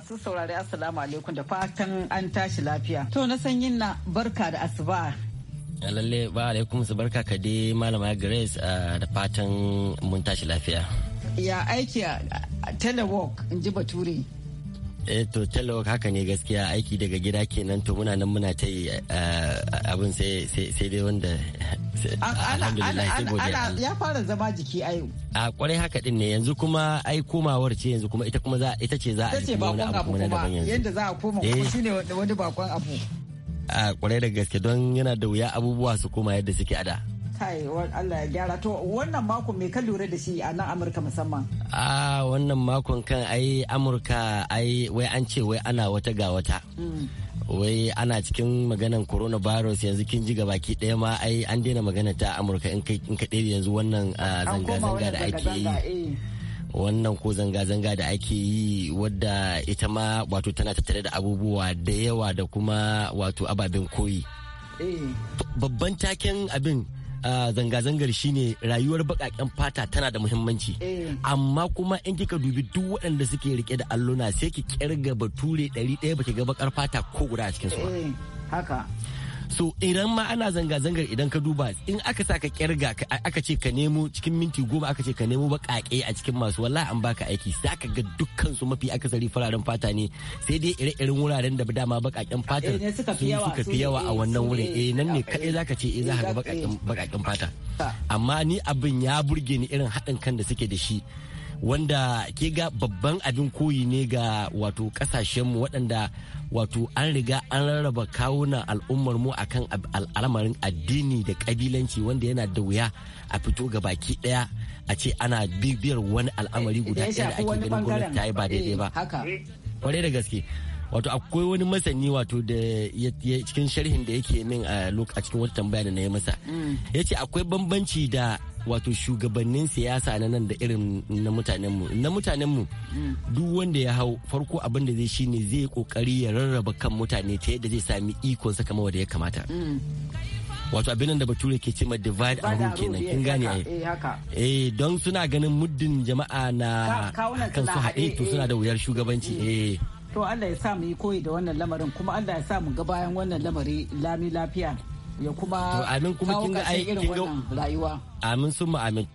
masu saurari assalamu alaikum da fatan an tashi lafiya. To na san yin na barka da asuba lalle ba alaikum su barka ka dai malama grace da fatan mun tashi lafiya ya aiki a telework in ji bature Eh, to telework haka ne gaskiya aiki daga gida kenan to muna nan muna ta yi eh, abin sai sai dai wanda ya fara zama jiki ayo a kwarai haka din ne yanzu kuma ai komawar ce yanzu kuma ita kuma za ita ce za a yi wani abu kuma daban yanzu yanda za a koma kuma eh. shine wani bakon abu a kwarai da gaske don yana da wuya abubuwa su koma yadda suke ada kai wannan mako me ka lura da shi a nan Amurka musamman a wannan makon kan ai Amurka ai wai an ce wai ana wata ga wata hmm. wai ana cikin maganan coronavirus yanzu kin ji gabaki ɗaya ma ai an daina magana ta amurka in ka ɗaya yanzu wannan zanga-zanga da ake yi eh. wannan ko zanga-zanga da ake yi wadda ita ma wato tana tattare da abubuwa da yawa da kuma wato ababen koyi eh. babban taken abin Ah, zanga-zangar shine rayuwar baƙaƙen fata tana da muhimmanci eh. amma kuma in kika dubi duk waɗanda suke rike da alluna sai ki kirga bature ɗari ɗaya baki ga baƙar fata ko guda a cikin su eh, haka so idan ma ana zanga-zangar idan ka duba in aka sa ka kirga aka ce ka nemo cikin minti goma aka ce ka nemo baƙaƙe a cikin masu wallahi an baka aiki za ka ga dukkan su mafi akasari fararen fata ne sai dai ire-iren wuraren da dama baƙaƙen fata eh, su suka fi yawa a eh, wannan wurin eh nan ne kaɗai za ka ce eh za ka ga eh, baƙaƙen fata amma ni abin ya burge ni irin haɗin kan da suke da shi wanda ke ga babban abin koyi ne ga wato kasashenmu waɗanda wato an riga an rarraba kawunan al'ummar mu akan al'amarin addini da kabilanci wanda yana da wuya a fito ga baki ɗaya a ce ana bibiyar wani al'amari guda eh, eh, ɗaya da ake ganin gwamnati ta yi ba daidai ba eh, kwarai da gaske wato akwai wani masani wato da ya cikin sharhin da yake min a cikin wata tambaya da na yi masa mm. ya ce akwai bambanci da wato shugabannin siyasa na nan da irin na mutanenmu na mutanenmu mm. duk wanda ya hau farko abin da zai shine zai kokari ya rarraba kan mutane ta yadda zai sami ikon sa kamar da ya kamata mm. wato abin da bature ke ce ma divide and rule kenan kin gane eh, eh, haka eh don suna ganin muddin jama'a na kan su haɗe to suna eh, da wuyar shugabanci eh to Allah ya sa mu yi koyi da wannan lamarin kuma Allah ya sa mu ga bayan wannan lamari lami lafiya ya kuma kawo ƙarshen irin wannan rayuwa amin sun amin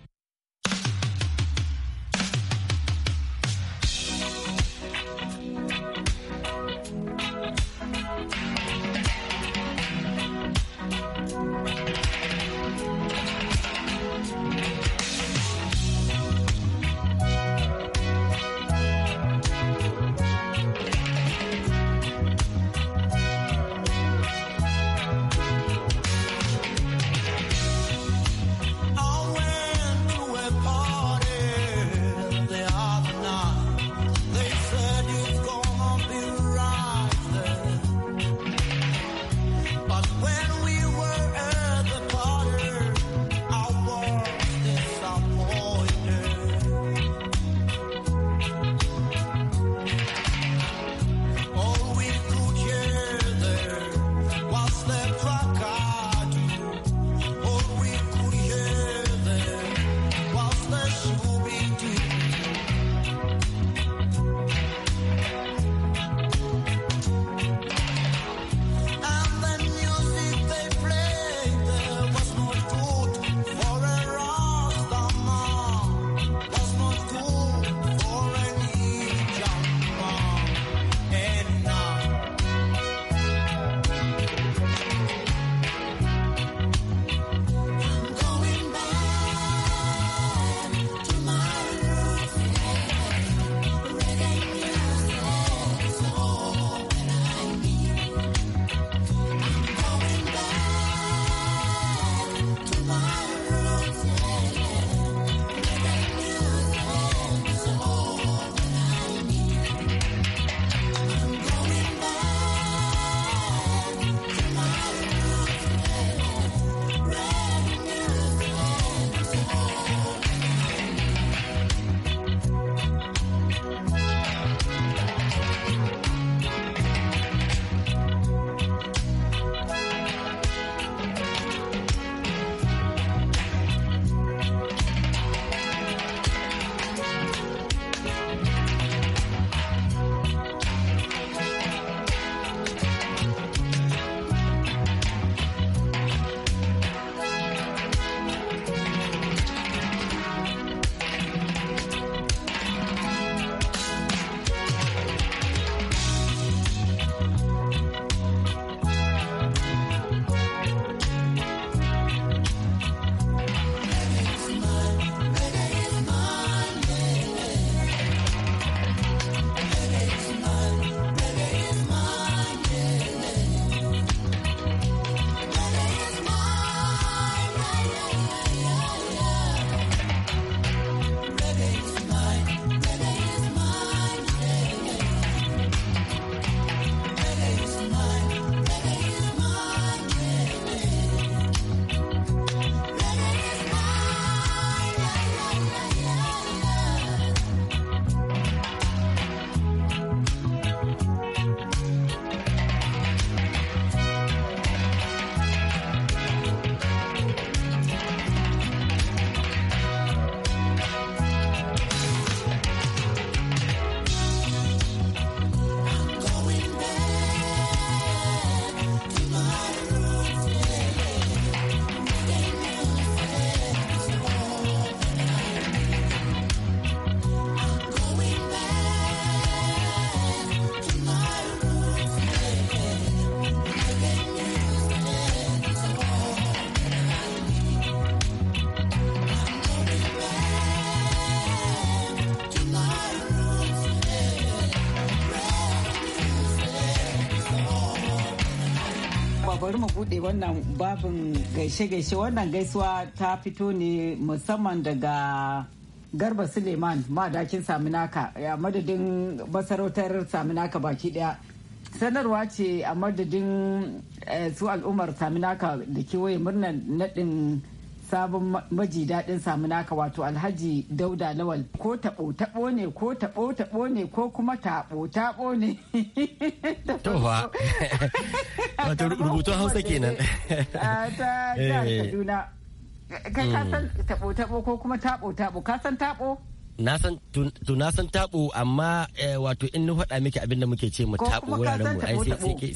bude wannan babin gaishe-gaishe wannan gaisuwa ta fito ne musamman daga garba suleiman madakin saminaka a madadin masarautar saminaka baki daya sanarwa ce a madadin eh, su al'ummar saminaka da kewaye murnar naɗin sabon maji daɗin naka wato alhaji dauda lawal ko taɓo taɓo ne ko taɓo taɓo ne ko kuma taɓo taɓo ne tofa wato rubutu hausa kenan ta eh. kaduna ka mm. san taɓo taɓo ko kuma taɓo taɓo ka san taɓo na san to na san taɓo amma eh, wato in na faɗa miki abin da muke ce mu taɓo wuraren mu ai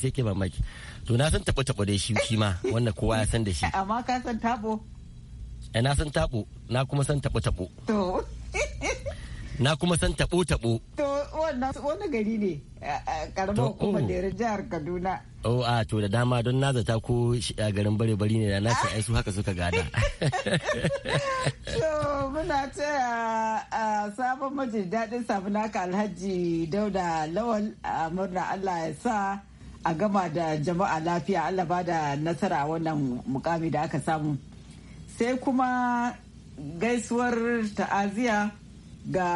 sai ke mamaki to na san taɓo taɓo da shi shi ma wannan kowa ya san da shi amma ka san taɓo. Eh, na san tabo na kuma san tabo tabo na kuma san tabo tabo to wani gari ne karamar hukumar da oh. jihar kaduna oh a to da dama don na zata ko a garin bare bari ne na ce ai su haka suka gada to muna ce a sabon majin daɗin sabunaka alhaji dauda lawal a murna allah ya sa a gama da jama'a lafiya allah ba da nasara wannan mukami da aka samu sai kuma gaisuwar ta'aziya ga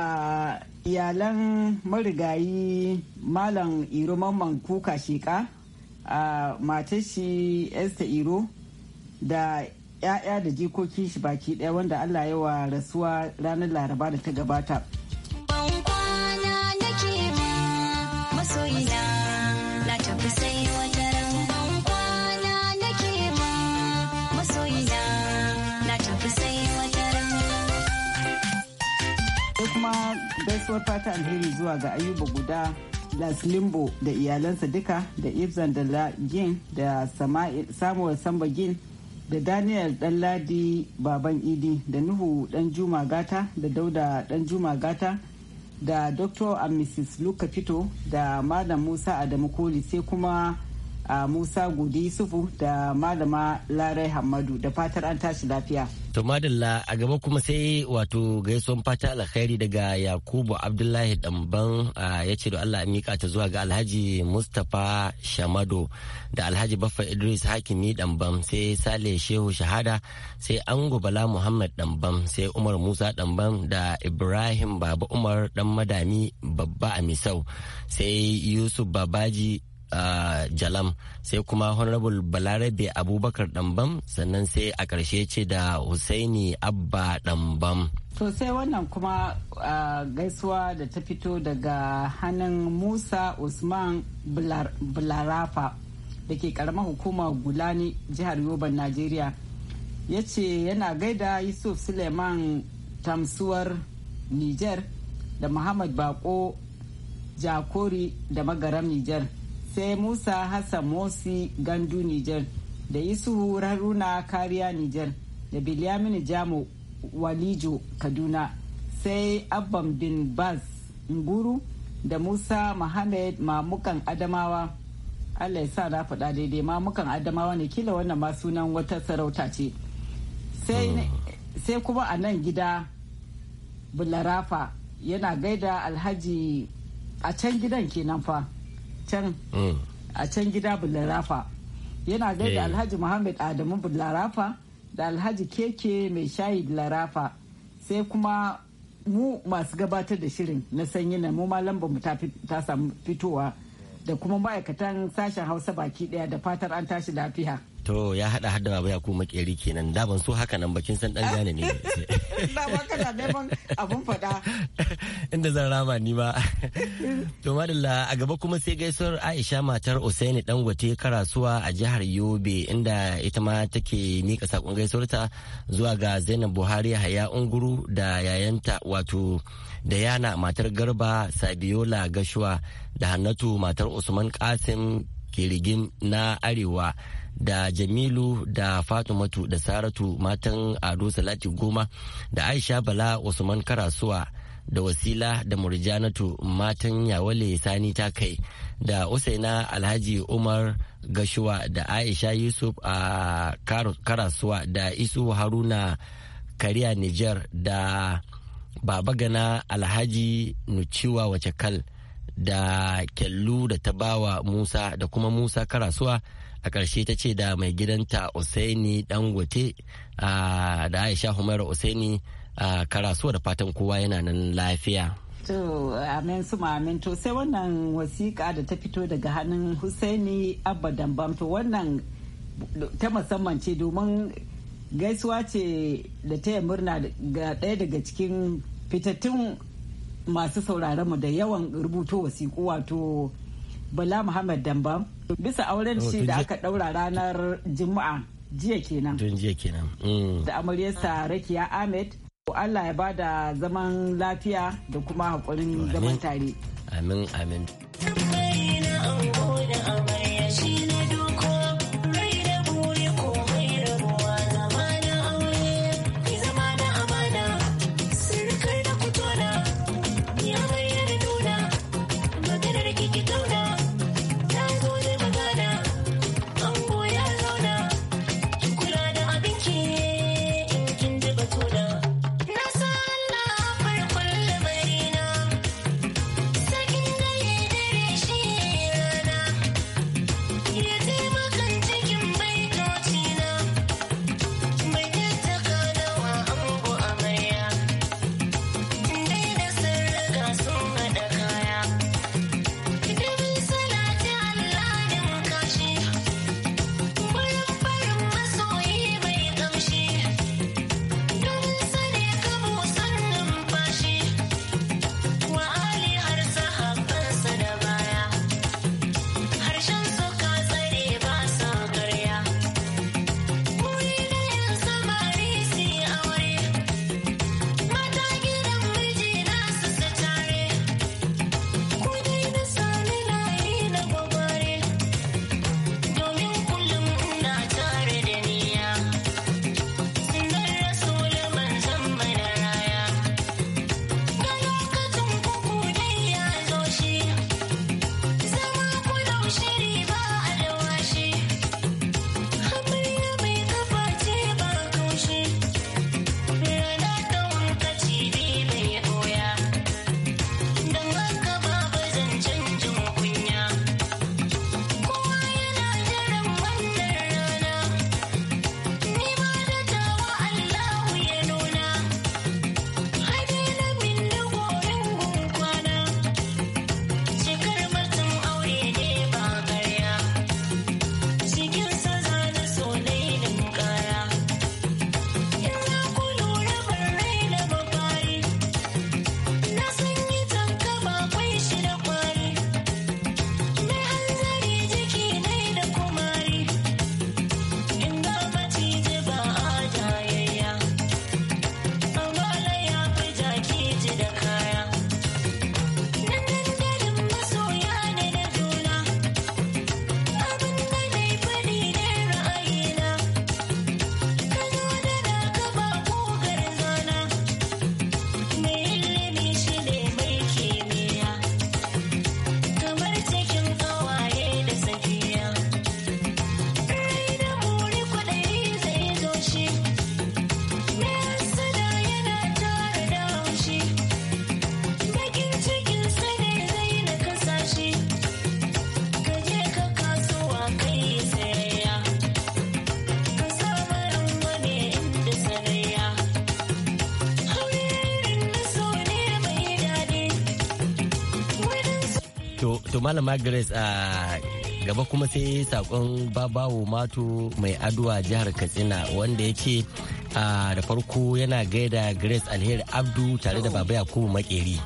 iyalan marigayi malam iro mamman kuka sheka a matar shi esther iro da 'ya'ya da jikoki shi baki daya wanda allah ya wa rasuwa ranar laraba da ta gabata gaisuwar fata alheri zuwa ga ayuba guda las limbo da iyalansa duka da ibzan da gin da samuel samba gin da daniel danladi baban idi da nuhu dan juma gata da dauda dan juma gata da dr and mrs luka fito da malam musa adamu koli sai kuma a Musa Gudi Sufu da Malama Larai Hamadu da fatar an tashi lafiya. To madalla a gaba kuma sai wato gaisuwan fata alkhairi daga Yakubu Abdullahi Damban ya ce da Allah a mika ta zuwa ga Alhaji Mustapha Shamado da Alhaji Baffa Idris Hakimi Damban sai Sale Shehu Shahada sai Ango Bala Muhammad Damban sai Umar Musa Damban da Ibrahim Baba Umar Dan Madami Babba Amisau sai Yusuf Babaji uh, jalam sai kuma honorable balarabe abubakar dambam sannan sai a ƙarshe ce da husaini abba dambam to sai wannan kuma uh, gaisuwa da ta fito daga hannun musa usman bularafa da ke karamar hukumar gulani jihar yoban nigeria ya ce yana gaida yusuf suleiman tamsuwar niger da muhammad bako jakori da magaram niger sai musa hassan mosi gandu nijar da yusufu haruna kariya nijar da bilyamin jamo walijo kaduna sai abban bin baz nguru da musa mohammed mamukan adamawa allah ya sa na faɗa daidai mamukan adamawa ne kila wannan ma sunan wata sarauta ce sai kuma a nan gida bularafa yana gaida alhaji a can gidan kenan fa can mm. a can gida bularafa yana da eh. alhaji muhammad adamu bularafa da alhaji keke mai shayi bularafa sai kuma mu masu gabatar da shirin na sanyi na mu lamba mu ta samu fitowa da kuma ma'aikatan sashen hausa baki daya da fatar an tashi lafiya. to ya hada hada baba ya kuma makeri kenan da ban so haka nan bakin san dan gane ne da ba kana neman abun fada inda zan rama ni ba to madalla a gaba kuma sai gaisuwar Aisha matar Usaini dan gwate karasuwa a jihar Yobe inda ita ma take mika sakon gaisuwar zuwa ga Zainab Buhari Haya Unguru da yayanta wato da yana matar Garba Sabiola Gashuwa da Hannatu matar Usman Kasim Kirigim na Arewa da jamilu da fatumatu da saratu matan ado salati goma da aisha bala usman karasuwa da wasila da murjanatu matan yawale sani ta kai da usaina alhaji umar gashuwa da aisha yusuf a karasuwa da isu haruna kariya niger da babagana alhaji nuciwa wacekal da kyallu da tabawa musa da kuma musa karasuwa a ƙarshe ta ce da mai gidanta usaini dangote da aisha humaira usaini karasuwa da fatan kowa yana nan lafiya To amen su amen to sai wannan wasiƙa da ta fito daga hannun Husaini Abba Dambam to wannan ta musamman ce domin gaisuwa ce da taya murna ga ɗaya daga cikin fitattun masu sauraron mu da yawan rubuto wasiƙu wato Bala Muhammad Dambam bisa auren oh, shi da aka ɗaura ranar Juma'a jiya kenan. Tun jiya kenan. Mm. Da amaryarsa Rakiya Ahmed Allah ya ba da zaman lafiya da kuma haƙurin zaman tare. Amin amin. to malama grace a gaba kuma sai sakon babawo mato mai aduwa jihar katsina wanda ya ce da farko yana gaida grace alheri abdu tare da baba yakubu makeri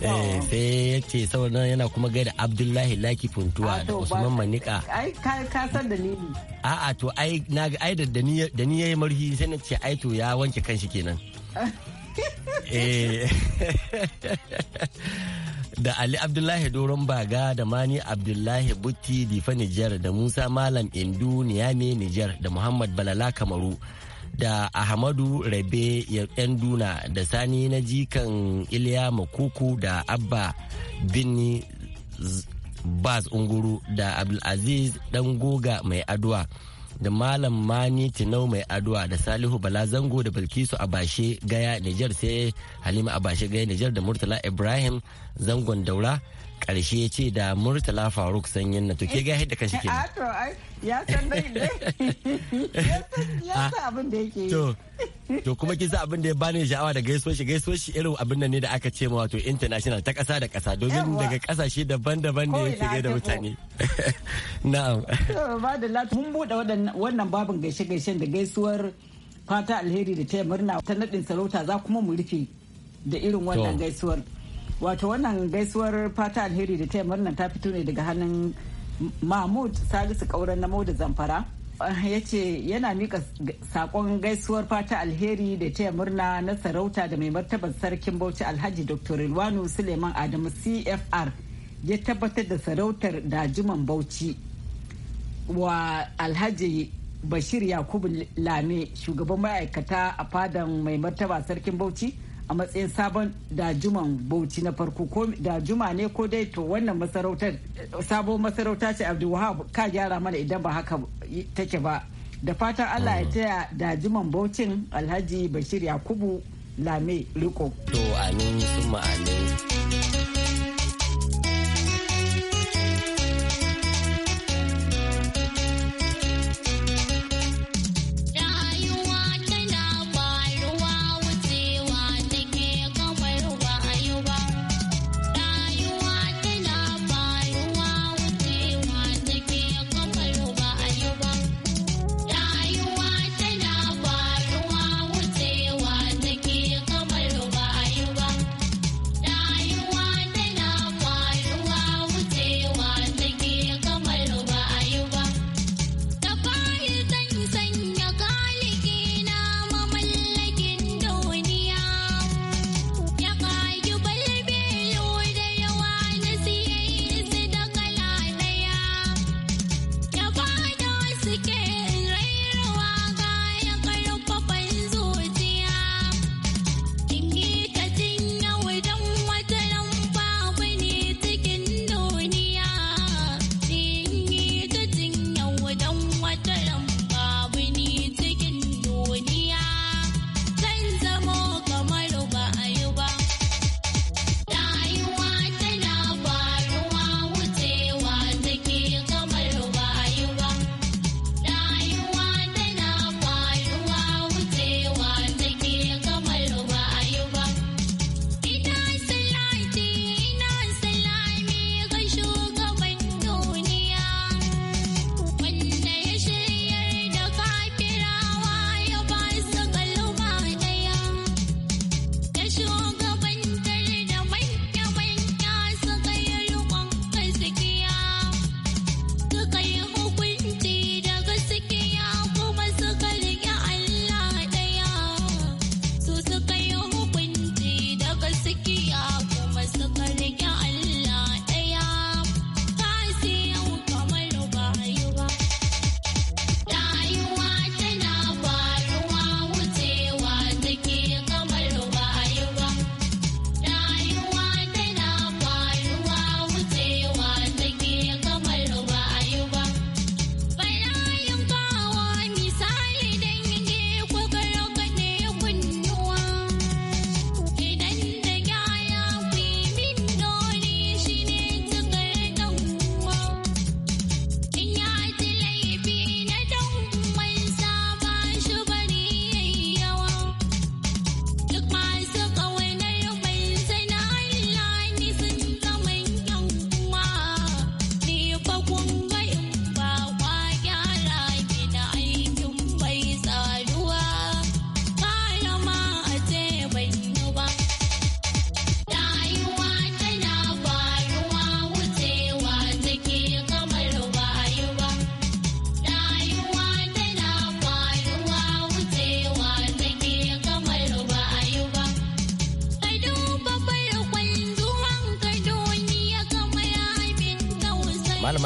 eh, oh. sai ya ce yana kuma gaida abdullahi laki funtuwa ah, da usman manika ai ka san da ni a'a to ai na ga ai da ni yayi marhi sai na ce ai to ya wanke kanshi kenan eh da Ali Abdullahi Doron Baga da Mani Abdullahi Butti Difa Nijar da Musa Malam Indu Niyame Nijar da Muhammad Balala Kamaru da Ahmadu Rabe Yanduna da Sani na jikan Iliya Makuku da Abba Binni Baz Unguru da Abdulaziz Dangoga Mai Adwa. da malam mani tinau mai aduwa da salihu bala zango da bilkisu abashe gaya nijar sai halima abashe gaya nijar da murtala ibrahim zangon daura karshe ya ce da murtala faruk sanyin na to ke ga yadda kan shi ke ah, ya san dai ya san abin da yake to to kuma ki san abin da ya bani sha'awa da gaiso shi gaiso shi irin abin nan ne da aka ce ma wato international ta kasa da kasa domin daga kasashe daban-daban ne yake gaida mutane na'am ba da lati mun bude wannan babin gaishe-gaishen da gaisuwar fata alheri da ta murna ta nadin sarauta za kuma mu rufe da irin wannan gaisuwar wato wannan gaisuwar fata alheri da ta murna ta fito ne daga hannun mahmud salisu kauran na da zamfara ah, ya ce yana mika sakon gaisuwar fata alheri da taya murna na sarauta da mai martabar sarkin bauchi alhaji dr ilwanu suleiman adamu cfr ya tabbatar da sarautar dajiman bauchi wa alhaji bashir yakubu lame shugaban ma'aikata a fadan mai martaba sarkin bauchi a matsayin sabon dajuman bauchi na farko ko dajuma ne ko dai to wannan masarautar sabo masarauta ce abdulwahab ka gyara mana idan ba haka take ba da fatan allah ya mm. taya dajuman baucin alhaji bashir yakubu lame riko to amin sun ma'amin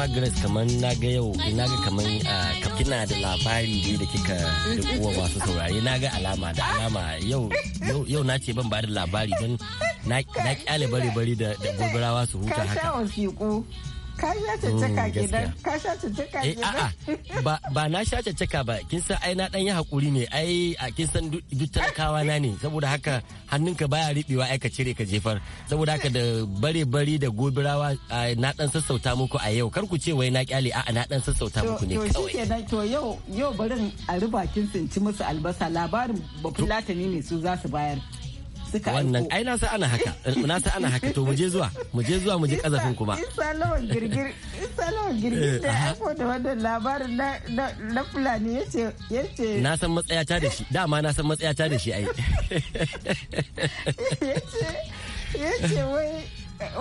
margaret kamar na ga yau na ga kamar ah, kina da labari ne da kika da kuwa saurari saurare na ga alama da alama yau yau na ce ban ba da labari don na kyale bare bare da gurburawa su huta haka ka sha caccaka mm, gidan ka sha caccaka gidan eh, ba na sha caccaka ba kin san ai na dan yi hakuri ne ai a kin san duk talakawa na ne saboda haka hannunka baya ribewa ai ka cire ka jefar saboda haka da bare bari da gobirawa na dan sassauta muku a yau kar ku ce wai na kyale a'a na dan sassauta muku ne kawai to shikenan to yau yau barin a ruba kin tsinci musu albasa labarin bafulatani ne su za su bayar suka wannan ai na sa ana haka na sa ana haka to mu je zuwa mu je zuwa mu je kazafin kuma isa lawan girgir in salon girgir eh, da aiko da wannan labarin na na fulani yace yace na san matsayata da shi dama na san matsayata da shi ai yace yace wai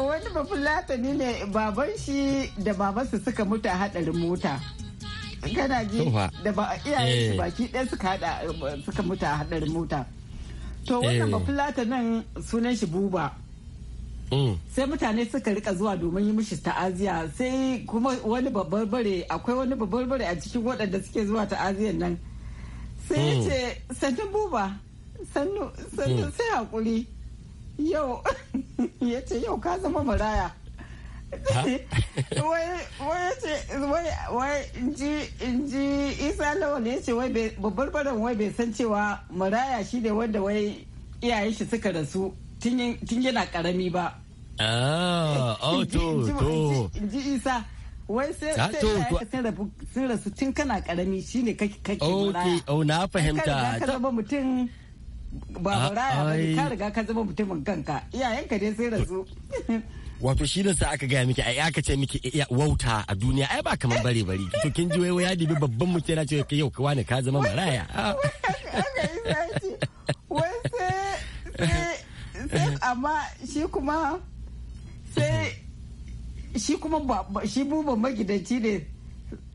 wani bafulatani ne baban shi da babansa suka mutu a hadarin mota kana ji da ba iyayen su eh. baki ɗaya suka mutu a hadarin mota to wannan eh. bafulata nan sunan shi buba mm. sai mutane suka rika zuwa domin yi mishi ta'aziya sai kuma wani babbar bare akwai wani babbar bare a cikin waɗanda suke zuwa ta'aziyan nan sai ya mm. ce sannu buba sannu mm. sai haƙuri yau ya ce yau ka zama maraya wai ji isa lawan ya ce babbar barin wai bai san cewa maraya shi ne wanda wai iyayen shi suka rasu tun yana karami ba ah oh to ji isa wai sai ah, sun rasu tun kana karami shi ne kake maraya oh na fahimta ka mutum ba ah, maraya ba ka riga ka zama mutumin kanka iyayenka dai sai rasu wato shi da sa aka gaya miki ai aka ce miki iya eh, wauta a duniya ai ba kaman bare bare to kin ji wai ya dibi babban mutum yana cewa yau ka wani ka zama maraya amma shi kuma sai shi kuma shi buban magidanci ne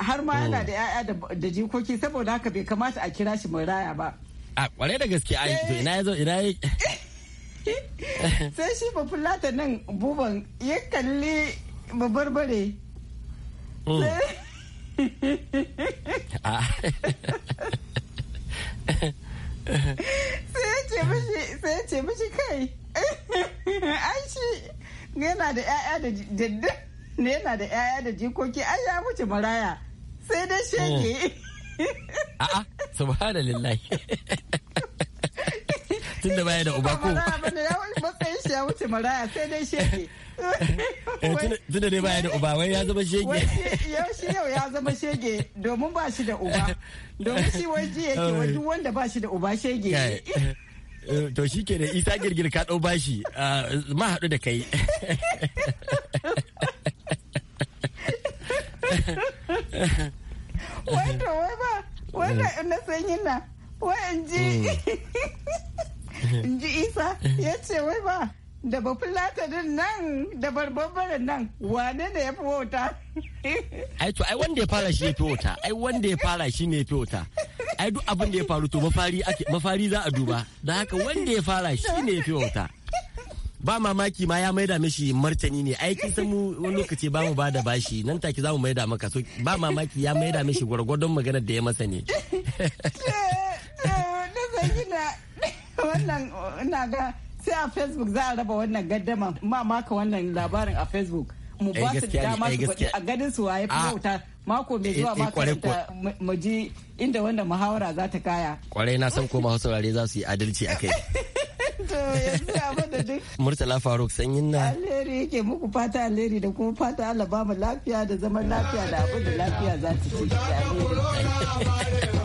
har ma yana da 'ya'ya oh. da jikoki saboda haka bai kamata a kira shi maraya ba a kware da gaske ai ina ya zo ina ya sai shi ba fulata nan buban ya kalli babarbare mm. ah. sai ya ce mashi kai ai shi yana da 'ya'ya da jaddu ne yana da 'ya'ya da jikoki ai ya wuce maraya sai dai shege mm. a'a subhanallah tunda baya da uba ko matsayin shi ya wuce maraya sai dai shege eh, tunda dai baya da uba wai ya zama shege yau shi yau ya zama shege domin ba shi da uba domin shi wai ji yake wa wanda ba shi da uba shege eh, to shi ke da isa girgir ka ɗau bashi ma haɗu da kai wai to wai ba wai na sanyi na wai in ji mm. in ji isa ya ce wai ba da bafulatanin nan da barbabaren nan wane ne ya fi wauta ai to ai wanda ya fara shi ne fi wauta ai wanda ya fara shi ne fi wauta ai duk abin da ya faru to mafari ake mafari za a duba da haka wanda ya fara shi ne fi wauta ba mamaki ma ya maida mishi martani ne ai kin san mu wani lokaci ba mu ba da bashi nan take za mu maida maka so ba mamaki ya maida mishi gwargwadon maganar da ya masa ne wannan ina ga sai a facebook za a raba wannan gaddama ma maka wannan labarin a facebook mu eh, ba su dama eh, su faɗi a gadin su waye ah. wuta mako mai eh, zuwa maka karanta maji inda wanda muhawara za ta kaya kwarai na san ko ma saurare za su yi adalci a kai Murtala Faruk sanyin na. Alheri yake muku fata alheri da kuma fata Allah ba mu lafiya da zaman lafiya da abin da lafiya za ta ci.